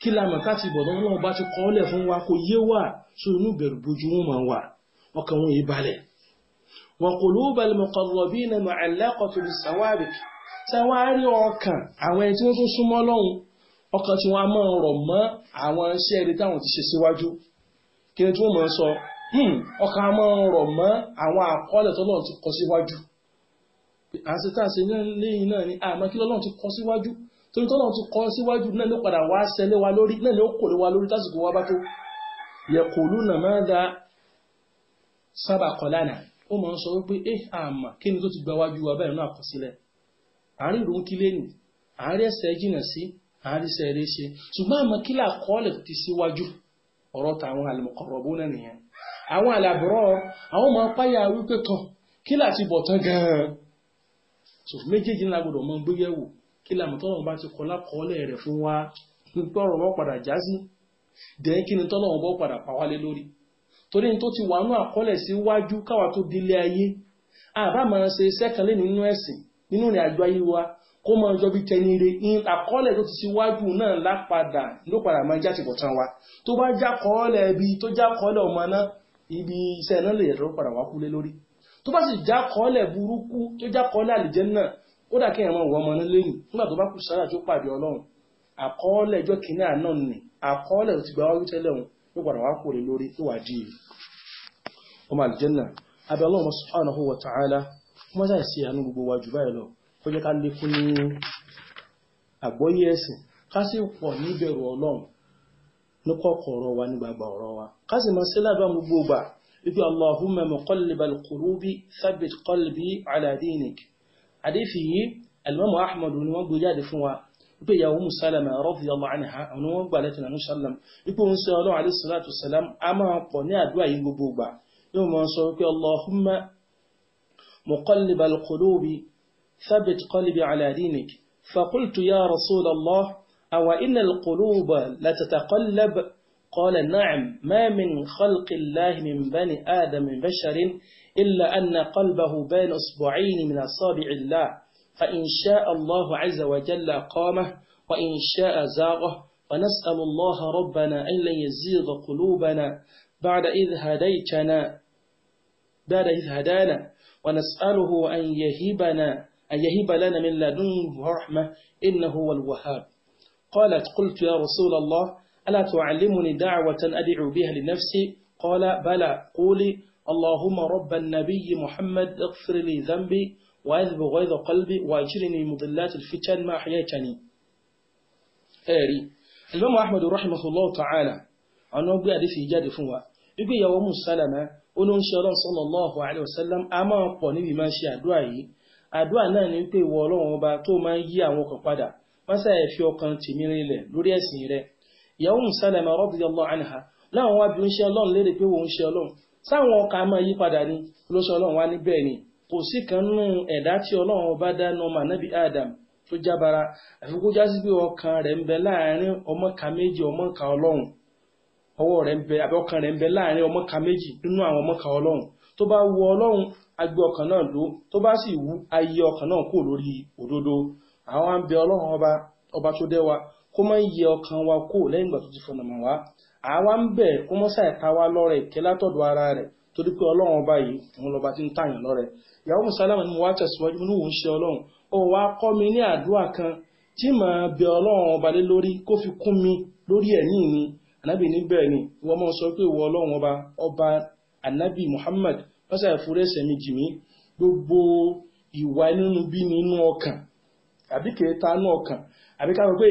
Speaker 1: kí lànà táti bọ̀dọ̀ Ọlọ́run bá ti kọ́ ọ́lẹ̀ fún wa kò yé wà so inú bẹ̀rù bojú wọn máa wà ọkàn wọn yìí balẹ̀. wọn kò ló balẹ̀ mọ̀kànlọ́ bí iná mọ̀ aláàkọ́tò lè sàwárì sàwárì ọkàn àwọn ẹni tí wọ́n tún súnmọ́ lọ́hùn ọkàn tí wọ́n á máa rọ̀ mọ́ àwọn iṣẹ́ eré táwọn ti ṣe síwájú kí ni tí wọ́n máa sọ hmm, ọkàn á máa rọ̀ mọ́ àwọn àkọọ́lẹ̀ tọ́lọ́run ti kọ síwájú àṣetáṣe lẹ́yìn náà ni àmọ́ kí lọ́lọ́run ti kọ síwájú torí tọ́lọ́run ti kọ síwájú náà ló padà wá ṣẹlẹ̀ wa lórí náà ló kò lè wa lórí tásìkò wa bá tó yẹ̀kùlù náà máa da sábà kọ̀lánà ó máa ń sọ wípé ẹ eh, àmà kí ni tó ti gba wájú wa báyìí náà àkọsílẹ̀ àárín ìròhún kí lẹ́nu àárín ẹsẹ̀ jìnà sí àárín ẹsẹ̀ eré ṣe ṣùgbọ́n àmọ́ kí là ti síwájú ọ̀rọ̀ tàwọn àlùmọ̀kọ̀rọ̀bù náà nìyẹn àwọn àlàbùrọ̀ àwọn máa ń wípé tọ̀ kí là tán gan-an so méjèèjì ńlá gbọ́dọ̀ mọ gbéyẹ̀wò kí lànà tọ́lọ́run bá ti kọ lákọọ́lẹ̀ rẹ̀ fún wa tọ́rọ̀ wọ́n padà já sí dẹ́n kí ni tọ́lọ́run bọ́ padà pa wálé lórí torí ní tó ti wà nú àkọọ́lẹ̀ síwájú káwa tó dilé ayé àbá máa ṣe iṣẹ́ kan lé nínú ẹ̀sìn nínú ìrìn àjò ayé wa kó máa jọ bí tẹni re ní àkọọ́lẹ̀ tó ti síwájú náà lápadà ló padà máa já ti bọ̀ tán wa tó bá já kọ́ọ́lẹ̀ ibi tó já kọ́ọ́lẹ̀ ọmọ náà ibi iṣẹ́ náà lè yẹ̀ tó padà wá kú lórí tó bá sì já kọ́lẹ̀ burúkú tó já kọ́lẹ̀ àlìjẹ́nà ó dà kí ẹ̀mọ́ ìwọ́n ọmọ lẹ́yìn nígbà tó bá kù sára tó pàdé ọlọ́run àkọọ́lẹ̀ ẹjọ́ kìíní àná nì àkọọ́lẹ̀ tó ti gba wáyé tẹ́lẹ̀ òun ló padà wá kúrò lórí tó wà dí ọmọ àlìjẹ́nà abẹ́ ọlọ́run subhanahu wa ta'ala wọ́n sáà sí àánú gbogbo wa jù báyìí lọ kó jẹ́ ká lékún ní àgbọ́yé ẹ̀sìn ká sì pọ̀ níbẹ̀rù ọlọ́run ní kọ́kọ̀ọ̀rọ̀ wa ní gbàgbà ọ̀rọ̀ wa ká sì máa ṣe lábàá gbogbo gbà يقول اللهم مقلب القلوب ثبت قلبي على دينك حديثي الإمام أحمد ونوان بجاد فوا يقول يا أم سلمة رضي الله عنها ونوان قالتنا نسلم يقول نسأل الله عليه الصلاة والسلام أما قني أدواء يقبوبا يوم أنصرك اللهم مقلب القلوب ثبت قلبي على دينك فقلت يا رسول الله أو إن القلوب لتتقلب قال نعم ما من خلق الله من بني آدم من بشر إلا أن قلبه بين أصبعين من أصابع الله فإن شاء الله عز وجل قامه وإن شاء زاغه ونسأل الله ربنا أن لا يزيغ قلوبنا بعد إذ هديتنا بعد إذ هدانا ونسأله أن يهبنا أن يهب لنا من لدنه رحمة إنه هو الوهاب قالت قلت يا رسول الله ألا تعلمني دعوة أدعو بها لنفسي قال بلى قولي اللهم رب النبي محمد اغفر لي ذنبي وأذب غيظ قلبي وأجرني مضلات الفتن ما أحييتني أري الإمام أحمد رحمه الله تعالى أنا أبي أدفع جاد فنوا يبي يوم السلامة أنو إن شاء الله صلى الله عليه وسلم أما أقواني بما شاء دعائي àdúrà náà ni pé ìwọ ọlọ́run ọba tó máa ń yí àwọn ọkàn padà wọ́n sáyẹ̀ fi ọkàn tèmi rinlẹ̀ lórí ẹ̀sìn rẹ̀ ìyàwó Salama radiyallahu anha láwọn wá bí ó ń ṣe ọlọ́run léèrè pé òun ṣe ọlọ́run sáwọn ọkà máa yí padà ní olóṣọ ọlọ́run wá níbẹ̀ ni kò sí kan nínú ẹ̀dá tí ọlọ́run ọba dáná ọmọ ànábì Adam tó jábara àfi kó jásí pé ọkàn rẹ̀ ń bẹ láàrin ọmọ ka méjì ọmọ ka ọlọ́run ọwọ́ rẹ̀ ń bẹ àbí ọkàn rẹ̀ ń bẹ láàrin ọmọ ka méjì nínú àwọn ọmọ ka ọlọ́run tó bá wu ọlọ́run agbé ọkàn náà dó tó bá sì wu ayé ọkàn náà kúrò lórí òdodo àwọn à ń bẹ ọlọ́run ọba ọba tó dẹ́wa kó má yẹ ọkàn wa kó lẹ́yìn ìgbà tó ti fọ̀nà mọ̀ wá àwa ń bẹ̀ kó mọ́ sáà ta wá lọ́rẹ̀ ìkẹ́ látọ̀dọ̀ ara rẹ̀ torí pé ọlọ́run ọba yìí òun lọ́ba ti ń tàyàn lọ́rẹ̀ ìyàwó mùsàlámù ni mo wá tẹ̀síwájú mo ní òun ṣe ọlọ́run ó wá kọ́ mi ní àdúrà kan tí màá bẹ ọlọ́run ọba lé lórí kó fi kún mi lórí ẹ̀mí mi ànábì níbẹ̀ ni wọ́n mọ̀ sọ pé ìwọ ọlọ́run ọba ọba ànábì Muhammad wọ́n sáà fúrẹ́ jì mí gbogbo ìwà nínú bí nínú ọkàn àbí kèéta nínú ọkàn àbí ká sọ pé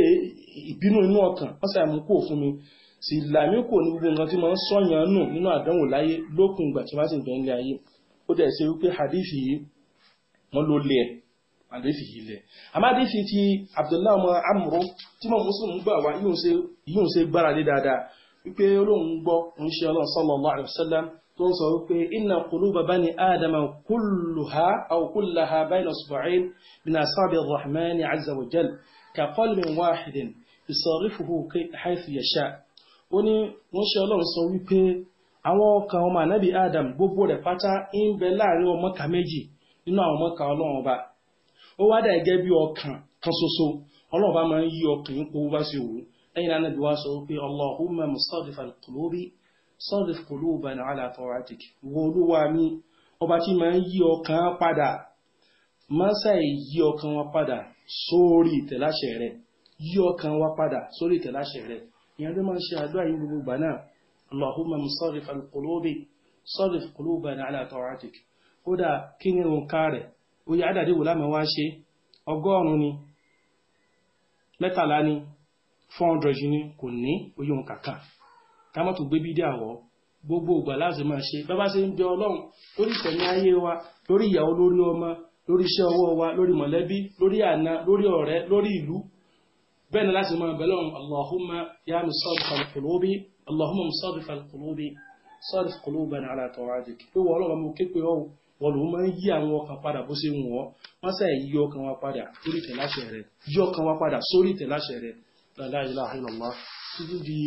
Speaker 1: ìbínú inú ọkàn wọ́n sàmú kò fún mi sì làmí kò ní gbogbo nǹkan tí mo ń sọ̀yàn nù nínú àdánwò láyé lókun ìgbà tí wọ́n sì ń bẹ nílé ayé ó dẹ̀ ṣe wípé hadith yìí wọ́n ló lé ẹ̀ hadith yìí lẹ̀ àmọ́ hadith ti Abdullahi ọmọ amúrò tí mo mùsùlùmí gbà wá yíò ṣe gbára lé dáadáa wípé olóhùn gbọ́ ń ṣe ọlọ́run sallallahu alaihi wasallam tó ń sọ wípé inna quluba bani adama kulluha aw kullaha bayna isbu'ayn min asabi ar-rahmani azza wa jalla كقلم واحد يصرفه حيث يشاء ó ní wọ́n ṣe ọlọ́run sọ wípé àwọn ọkàn ọmọ ànábì Adam gbogbo rẹ̀ pátá ń bẹ láàrin ọmọ ká méjì nínú àwọn ọmọ ká ọlọ́run ọba ó wá dà gẹ́gẹ́ bí ọkàn kan ṣoṣo ọlọ́run ọba máa ń yí ọkàn yín kó bá ṣe wù ú lẹ́yìn wá sọ wípé Allahumma musarrif al-qulubi sarrif qulubana ala ta'atik wo olúwa mi ọba tí máa ń yí ọkàn padà máa ń ṣàì yí ọkàn wọn padà sórí ìtẹ̀láṣẹ rẹ̀ yí ọkàn wa padà sórí ma rẹ̀ ìyẹn ló máa ń ṣe àdúrà yìí gbogbo gbà náà allahumma ala ta'atik kódà kí ni òǹkà rẹ̀ oyè àdàdé wò lámà wá ṣe ọgọ́rùn ni mẹ́tàlá ni ni kò gbogbo ìgbà láti máa ṣe bá bá ṣe ń bẹ ọlọ́run lórí ìtẹ̀mí ayé wa lórí ìyàwó lórí ọmọ lórí iṣẹ́ ọwọ́ wa lórí mọ̀lẹ́bí lórí àna lórí ọ̀rẹ́ lórí ìlú bẹ́ẹ̀ ni láti máa bẹ̀lọ́ allahumma ya musaddifal qulubi allahumma musaddifal qulubi saddif qulubana ala ta'atik pé wọ́n ọlọ́wọ́ mú képe ọ́ wọ́n ló máa ń yí àwọn ọkàn padà bó ṣe ń wọ́n wọ́n sẹ́ yí ọkàn wa padà sórí ìtẹ̀láṣẹ rẹ̀ yí ọkàn wa padà sórí ìtẹ̀láṣẹ rẹ̀ la ilaha illallah títí di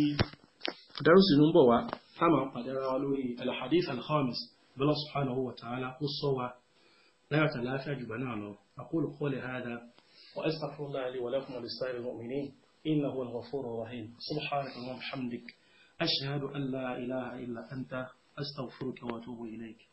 Speaker 1: dárúsì ń bọ̀ wá táwọn àpàdé ara wa lórí alhadith alhamis bẹ́lá subhanahu wa ta'ala ó sọ wa لا يتلاشى جبنانه أقول قولي هذا وأستغفر الله لي ولكم ولسائر المؤمنين إنه هو الغفور الرحيم سبحانك اللهم وبحمدك أشهد أن لا إله إلا أنت أستغفرك وأتوب إليك